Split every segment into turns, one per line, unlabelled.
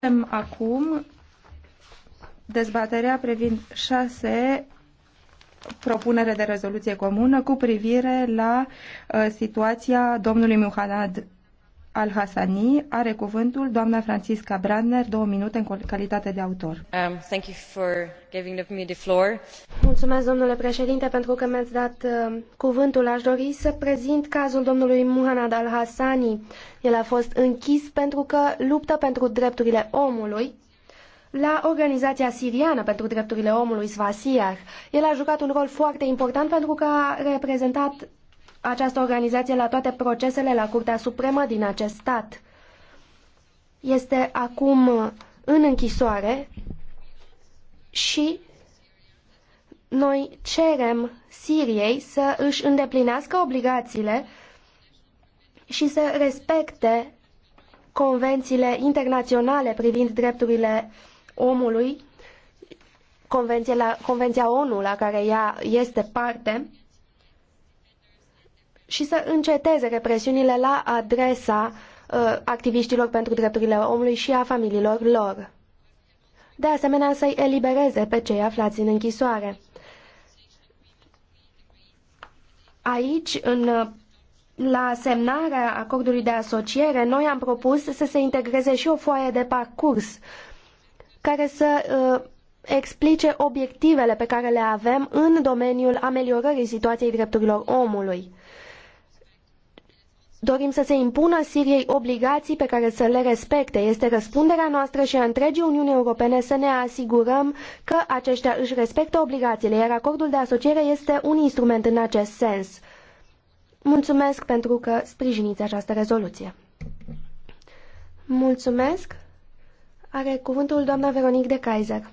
Începem acum dezbaterea privind șase propunere de rezoluție comună cu privire la uh, situația domnului Muhammad al-Hassani are cuvântul doamna Francisca Brandner, două minute în calitate de autor. Um, thank you for giving me the floor.
Mulțumesc, domnule președinte, pentru că mi-ați dat uh, cuvântul. Aș dori să prezint cazul domnului Muhanad Al-Hassani. El a fost închis pentru că luptă pentru drepturile omului la Organizația Siriană pentru Drepturile Omului, Svasiar. El a jucat un rol foarte important pentru că a reprezentat această organizație la toate procesele la Curtea Supremă din acest stat. Este acum în închisoare și noi cerem Siriei să își îndeplinească obligațiile și să respecte convențiile internaționale privind drepturile omului, convenția, la, convenția ONU la care ea este parte, și să înceteze represiunile la adresa uh, activiștilor pentru drepturile omului și a familiilor lor. De asemenea, să-i elibereze pe cei aflați în închisoare. Aici, în, la semnarea acordului de asociere, noi am propus să se integreze și o foaie de parcurs care să uh, explice obiectivele pe care le avem în domeniul ameliorării situației drepturilor omului. Dorim să se impună Siriei obligații pe care să le respecte. Este răspunderea noastră și a întregii Uniuni Europene să ne asigurăm că aceștia își respectă obligațiile, iar acordul de asociere este un instrument în acest sens. Mulțumesc pentru că sprijiniți această rezoluție. Mulțumesc. Are cuvântul doamna Veronique de Kaiser.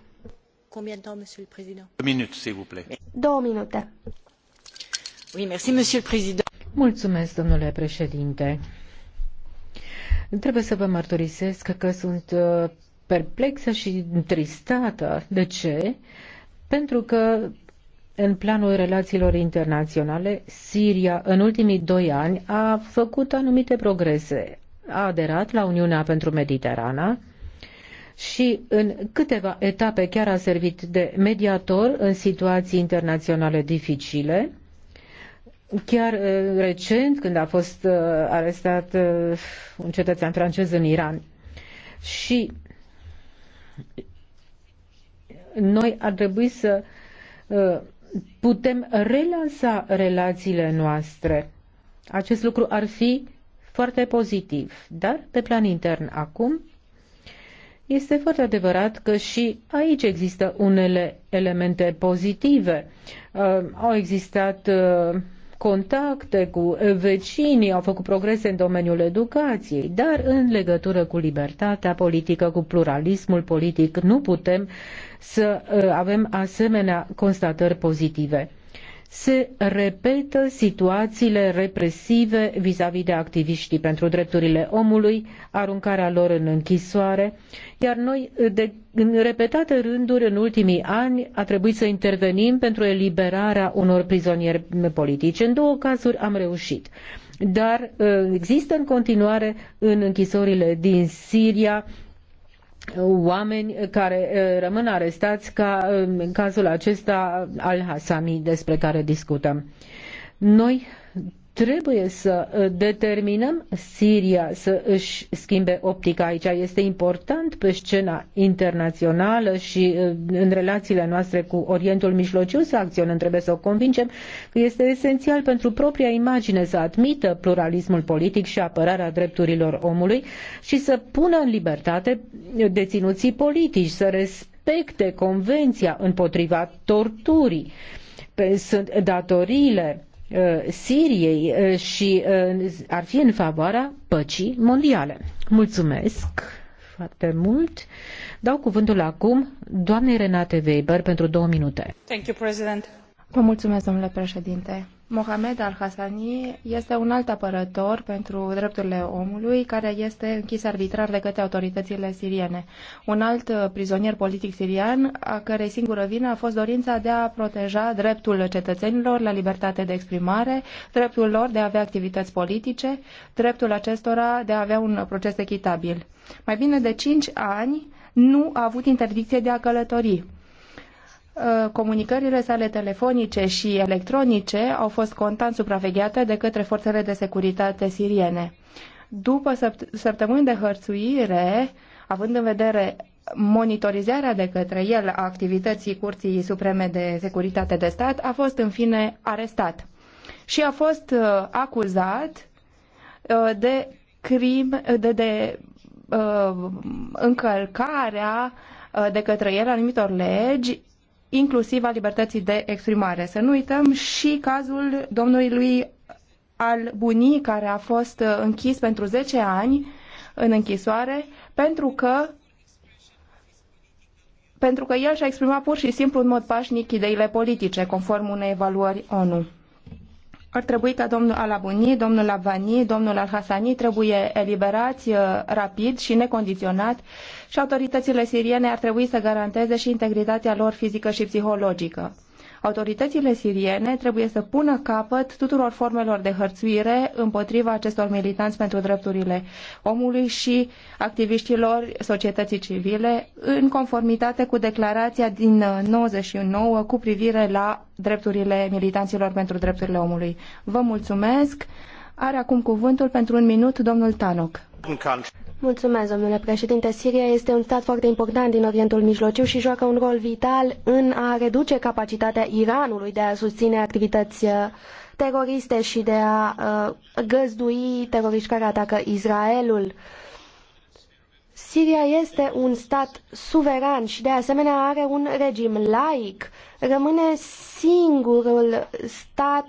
Combien de temps, monsieur le président? Două minute, s'il vous plaît. Două minute. Oui, merci, monsieur le président. Mulțumesc, domnule președinte. Trebuie să vă mărturisesc că sunt uh, perplexă și tristată. De ce? Pentru că în planul relațiilor internaționale, Siria în ultimii doi ani a făcut anumite progrese. A aderat la Uniunea pentru Mediterana și în câteva etape chiar a servit de mediator în situații internaționale dificile Chiar uh, recent, când a fost uh, arestat uh, un cetățean francez în Iran. Și noi ar trebui să putem relansa relațiile noastre. Acest lucru ar fi foarte pozitiv, dar pe plan intern acum este foarte adevărat că și aici există unele elemente pozitive. Au existat contacte cu vecinii, au făcut progrese în domeniul educației, dar în legătură cu libertatea politică, cu pluralismul politic, nu putem să uh, avem asemenea constatări pozitive se repetă situațiile represive vis-a-vis -vis de activiștii pentru drepturile omului, aruncarea lor în închisoare, iar noi, de, în repetate rânduri, în ultimii ani, a trebuit să intervenim pentru eliberarea unor prizonieri politici. În două cazuri am reușit. Dar uh, există în continuare în închisorile din Siria oameni care eh, rămân arestați ca eh, în cazul acesta al Hasami despre care discutăm. Noi Trebuie să uh, determinăm Siria să își schimbe optica aici. Este important pe scena internațională și uh, în relațiile noastre cu Orientul Mijlociu să acționăm. Trebuie să o convingem că este esențial pentru propria imagine să admită pluralismul politic și apărarea drepturilor omului și să pună în libertate deținuții politici, să respecte convenția împotriva torturii. Sunt datoriile Uh, Siriei uh, și uh, ar fi în favoarea păcii mondiale. Mulțumesc foarte mult. Dau cuvântul acum doamnei Renate Weber pentru două minute. Thank you, President. Vă mulțumesc, domnule președinte.
Mohamed Al-Hassani este un alt apărător pentru drepturile omului care este închis arbitrar de către autoritățile siriene. Un alt uh, prizonier politic sirian a cărei singură vină a fost dorința de a proteja dreptul cetățenilor la libertate de exprimare, dreptul lor de a avea activități politice, dreptul acestora de a avea un proces echitabil. Mai bine de 5 ani nu a avut interdicție de a călători Uh, comunicările sale telefonice și electronice au fost constant supravegheate de către forțele de securitate siriene. După săpt- săptămâni de hărțuire, având în vedere monitorizarea de către el a activității Curții Supreme de Securitate de Stat, a fost în fine arestat și a fost uh, acuzat uh, de crim, de, de uh, încălcarea uh, de către el anumitor legi inclusiv a libertății de exprimare. Să nu uităm și cazul domnului lui al bunii care a fost uh, închis pentru 10 ani în închisoare pentru că pentru că el și-a exprimat pur și simplu în mod pașnic ideile politice, conform unei evaluări ONU ar trebui ca domnul Alabuni, domnul Avani, domnul Al-Hassani trebuie eliberați uh, rapid și necondiționat și autoritățile siriene ar trebui să garanteze și integritatea lor fizică și psihologică. Autoritățile siriene trebuie să pună capăt tuturor formelor de hărțuire împotriva acestor militanți pentru drepturile omului și activiștilor societății civile în conformitate cu declarația din 99 cu privire la drepturile militanților pentru drepturile omului. Vă mulțumesc! Are acum cuvântul pentru un minut domnul Tanok. Mulțumesc, domnule președinte. Siria este un stat
foarte important din Orientul Mijlociu și joacă un rol vital în a reduce capacitatea Iranului de a susține activități uh, teroriste și de a uh, găzdui teroriști care atacă Israelul. Siria este un stat suveran și de asemenea are un regim laic. Rămâne singurul stat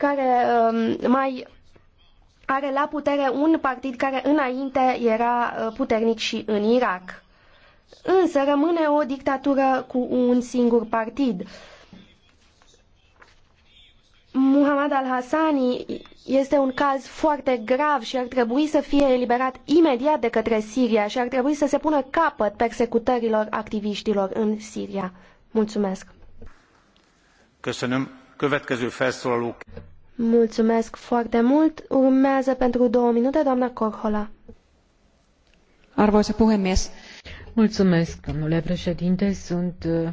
care um, mai are la putere un partid care înainte era uh, puternic și în Irak. Însă rămâne o dictatură cu un singur partid. Muhammad al-Hassani este un caz foarte grav și ar trebui să fie eliberat imediat de către Siria și ar trebui să se pună capăt persecutărilor activiștilor în Siria. Mulțumesc!
Köszönöm. Következő felszólaló.
Mulțumesc foarte mult. Urmează pentru două minute doamna Corhola.
Arvoisa puhemies. Mulțumesc, domnule președinte. Sunt uh,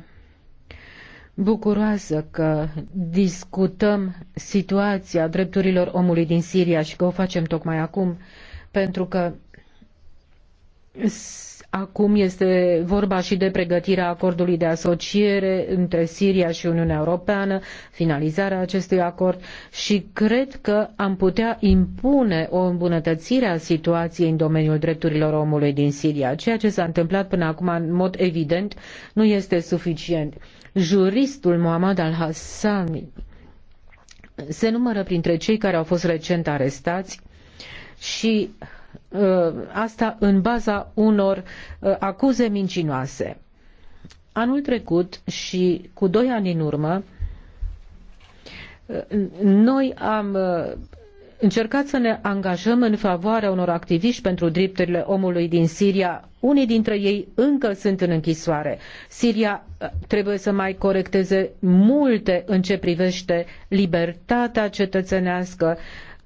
bucuroasă că discutăm situația drepturilor omului din Siria și că o facem tocmai acum, pentru că Acum este vorba și de pregătirea acordului de asociere între Siria și Uniunea Europeană, finalizarea acestui acord și cred că am putea impune o îmbunătățire a situației în domeniul drepturilor omului din Siria. Ceea ce s-a întâmplat până acum, în mod evident, nu este suficient. Juristul Mohammad al-Hassani se numără printre cei care au fost recent arestați și Uh, asta în baza unor uh, acuze mincinoase. Anul trecut și cu doi ani în urmă, uh, noi am încercat să ne angajăm în favoarea unor activiști pentru drepturile omului din Siria. Unii dintre ei încă sunt în închisoare. Siria trebuie să mai corecteze multe în ce privește libertatea cetățenească,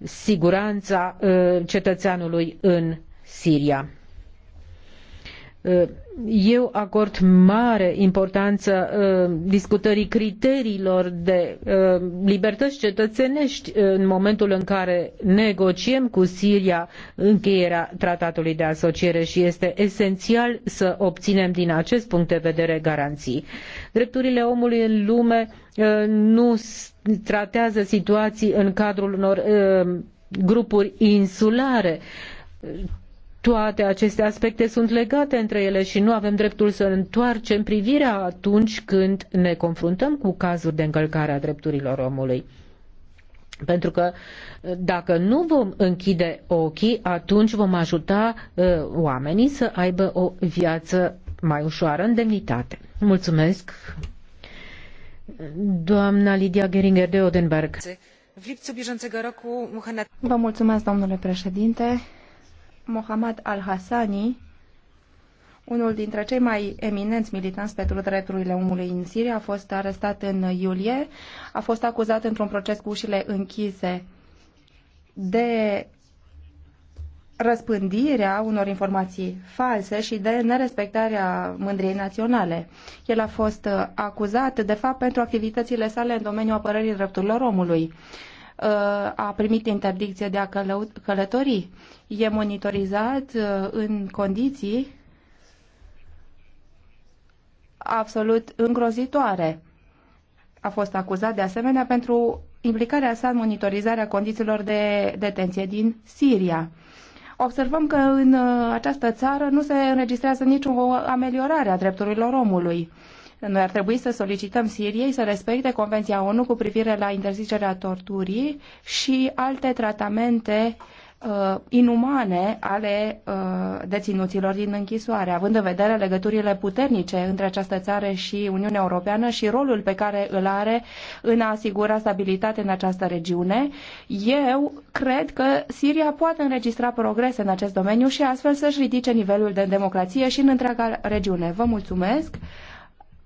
siguranța uh, cetățeanului în Siria. Eu acord mare importanță uh, discutării criteriilor de uh, libertăți cetățenești uh, în momentul în care negociem cu Siria încheierea tratatului de asociere și este esențial să obținem din acest punct de vedere garanții. Drepturile omului în lume nu tratează situații în cadrul unor grupuri insulare toate aceste aspecte sunt legate între ele și nu avem dreptul să întoarcem privirea atunci când ne confruntăm cu cazuri de încălcare a drepturilor omului. Pentru că uh, dacă nu vom închide ochii, atunci vom ajuta uh, oamenii să aibă o viață mai ușoară în demnitate. Mulțumesc, doamna Lidia Geringer de Odenberg. Vă
mulțumesc, domnule președinte. Mohammad al-Hassani, unul dintre cei mai eminenți militanți pentru drepturile omului în Siria, a fost arestat în iulie, a fost acuzat într-un proces cu ușile închise de răspândirea unor informații false și de nerespectarea mândriei naționale. El a fost uh, acuzat, de fapt, pentru activitățile sale în domeniul apărării drepturilor omului a primit interdicție de a călători. E monitorizat uh, în condiții absolut îngrozitoare. A fost acuzat de asemenea pentru implicarea sa în monitorizarea condițiilor de detenție din Siria. Observăm că în uh, această țară nu se înregistrează nicio ameliorare a drepturilor omului. Noi ar trebui să solicităm Siriei să respecte Convenția ONU cu privire la interzicerea torturii și alte tratamente uh, inumane ale uh, deținuților din închisoare, având în vedere legăturile puternice între această țară și Uniunea Europeană și rolul pe care îl are în a asigura stabilitate în această regiune. Eu cred că Siria poate înregistra progrese în acest domeniu și astfel să-și ridice nivelul de democrație și în întreaga regiune. Vă mulțumesc!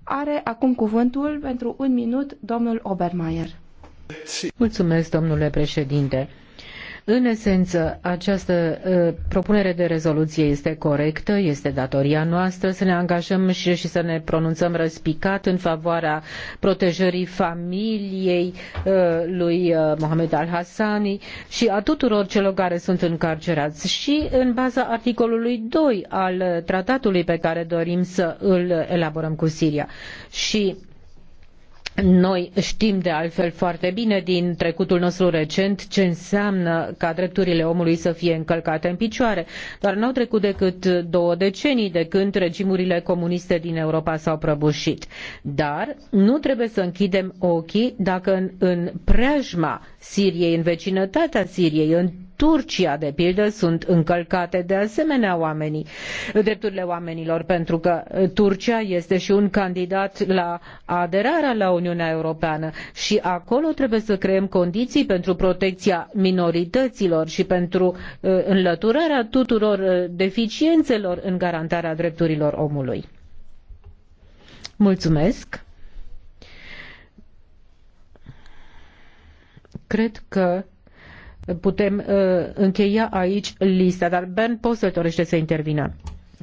Are acum cuvântul pentru un minut
domnul Obermeier. Mulțumesc, domnule președinte. În esență, această uh, propunere de rezoluție este corectă, este datoria noastră să ne angajăm și, și să ne pronunțăm răspicat în favoarea protejării familiei uh, lui uh, Mohamed al-Hassani și a tuturor celor care sunt încarcerați și în baza articolului 2 al tratatului pe care dorim să îl elaborăm cu Siria. Și noi știm de altfel foarte bine din trecutul nostru recent ce înseamnă ca drepturile omului să fie încălcate în picioare, dar n-au trecut decât două decenii de când regimurile comuniste din Europa s-au prăbușit. Dar nu trebuie să închidem ochii dacă în, în preajma Siriei, în vecinătatea Siriei, în Turcia, de pildă, sunt încălcate de asemenea oamenii, drepturile oamenilor, pentru că Turcia este și un candidat la aderarea la Uniunea Europeană și acolo trebuie să creăm condiții pentru protecția minorităților și pentru uh, înlăturarea tuturor uh, deficiențelor în garantarea drepturilor omului. Mulțumesc! Cred că putem uh, încheia aici lista, dar Ben Posel dorește să intervină.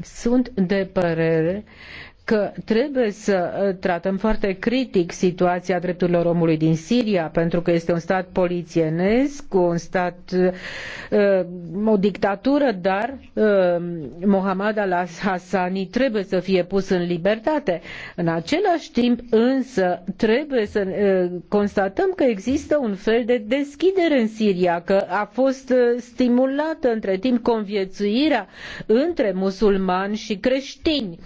Sunt de părere că trebuie să uh, tratăm foarte critic situația drepturilor omului din Siria, pentru că este un stat polițienesc, un stat, uh, o dictatură, dar uh, Mohammad al-Hassani trebuie să fie pus în libertate. În același timp, însă, trebuie să constatăm că există un fel de deschidere în Siria, că a fost stimulată între timp conviețuirea între musulmani și creștini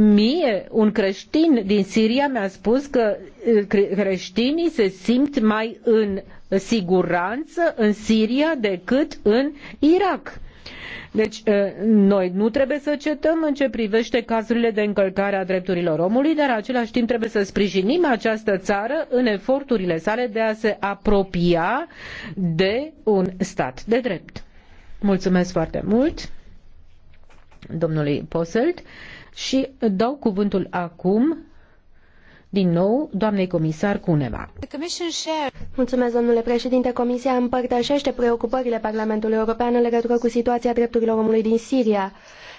Mie, un creștin din Siria mi-a spus că creștinii se simt mai în siguranță în Siria decât în Irak. Deci, noi nu trebuie să cetăm în ce privește cazurile de încălcare a drepturilor omului, dar în același timp trebuie să sprijinim această țară în eforturile sale de a se apropia de un stat de drept. Mulțumesc foarte mult domnului Poselt și dau cuvântul acum din nou, doamnei comisar Cuneva.
Mulțumesc, domnule președinte. Comisia împărtășește preocupările Parlamentului European în legătură cu situația drepturilor omului din Siria.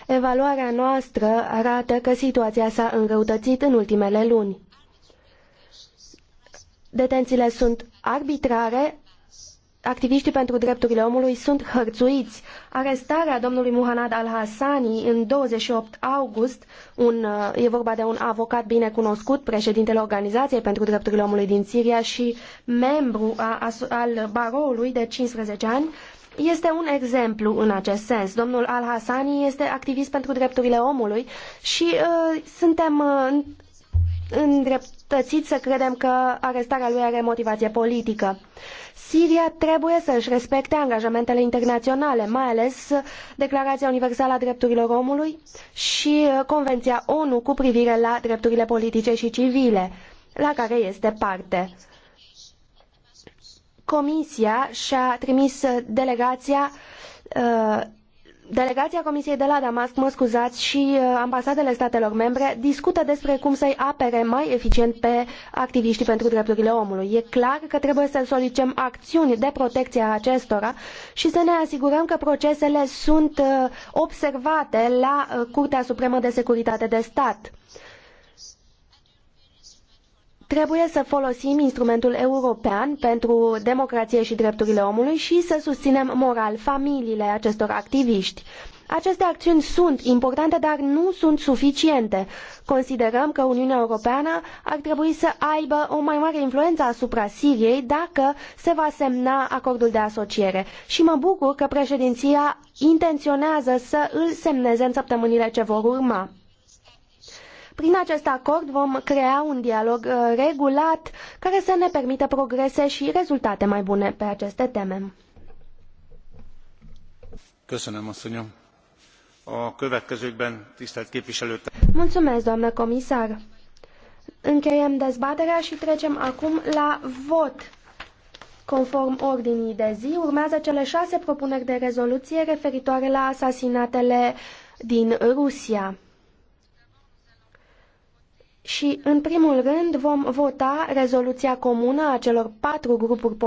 Evaluarea noastră arată că situația s-a înrăutățit în ultimele luni. Detențiile sunt arbitrare, activiștii pentru drepturile omului sunt hărțuiți. Arestarea domnului Muhanad al-Hassani în 28 august, un, uh, e vorba de un avocat binecunoscut, președintele Organizației pentru Drepturile Omului din Siria și membru a, al baroului de 15 ani, este un exemplu în acest sens. Domnul Al-Hassani este activist pentru drepturile omului și uh, suntem uh, îndreptățit să credem că arestarea lui are motivație politică. Siria trebuie să își respecte angajamentele internaționale, mai ales Declarația Universală a Drepturilor Omului și Convenția ONU cu privire la drepturile politice și civile, la care este parte. Comisia și-a trimis delegația uh, Delegația Comisiei de la Damasc, mă scuzați, și uh, ambasadele statelor membre discută despre cum să-i apere mai eficient pe activiștii pentru drepturile omului. E clar că trebuie să solicităm acțiuni de protecție a acestora și să ne asigurăm că procesele sunt uh, observate la uh, Curtea Supremă de Securitate de Stat. Trebuie să folosim instrumentul european pentru democrație și drepturile omului și să susținem moral familiile acestor activiști. Aceste acțiuni sunt importante, dar nu sunt suficiente. Considerăm că Uniunea Europeană ar trebui să aibă o mai mare influență asupra Siriei dacă se va semna acordul de asociere. Și mă bucur că președinția intenționează să îl semneze în săptămânile ce vor urma. Prin acest acord vom crea un dialog uh, regulat care să ne permită progrese și rezultate mai bune pe aceste teme. Mulțumesc, doamnă comisar. Încheiem dezbaterea și trecem acum la vot. Conform ordinii de zi, urmează cele șase propuneri de rezoluție referitoare la asasinatele din Rusia. Și, în primul rând, vom vota rezoluția comună a celor patru grupuri